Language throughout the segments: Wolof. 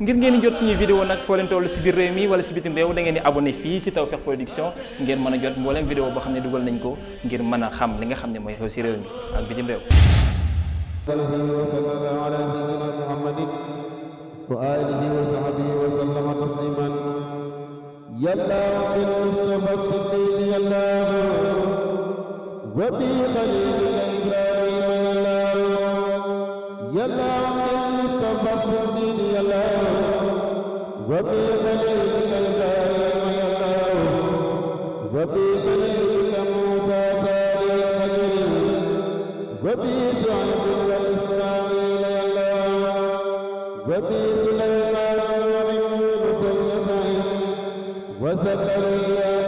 ngir ngeen jot suñuy vidéo nag foo leen si biir réew mi wala si bitim réew da ngeen di abonné fii si Tawfekh Production ngeen mën a jot mbooleem vidéo boo xam ne dugal nañ ko ngir mën a xam li nga xam ne mooy xew si réew mi ak bitim réew sallallahu ala sayyidina muhammadin wa alihi wa sahbihi wa sallama tasliman yàlla bil mustafa siddiq yàlla wa bi khalilika ibrahima yàlla وسكريا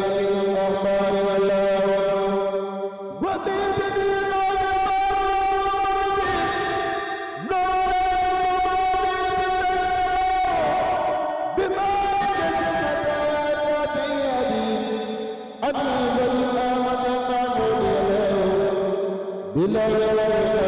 إلا إلى الله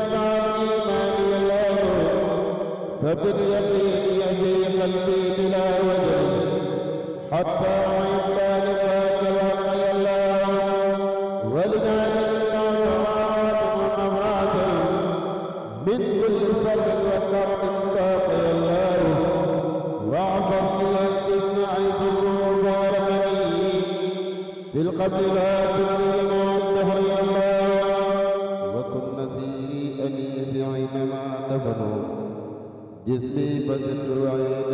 فباليقين يهدي قلبي بلا وجل حتى وإما لقاك الحق الله ولجعل الموت مماتا من كل شر وكرم طاق الله واعبدني أنت معي سرور باركني في القبلات جسمي بسطوعي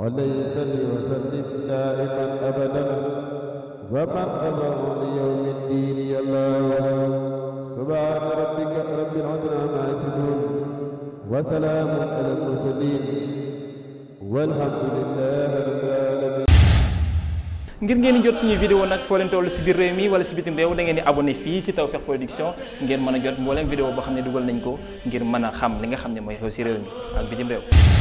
وليس وسلم دائما أبدا ومن أمره ليوم الدين يا الله سبحان ngir ngeen jot suñuy vidéo nag foo si biir réew mi wala si bitim réew da ngeen di abonné fii si Tawfekh Production ngeen mën jot mboolem vidéo boo xam ne dugal nañ ko ngir mën a xam li nga xam ne mooy xew si réew mi ak bitim réew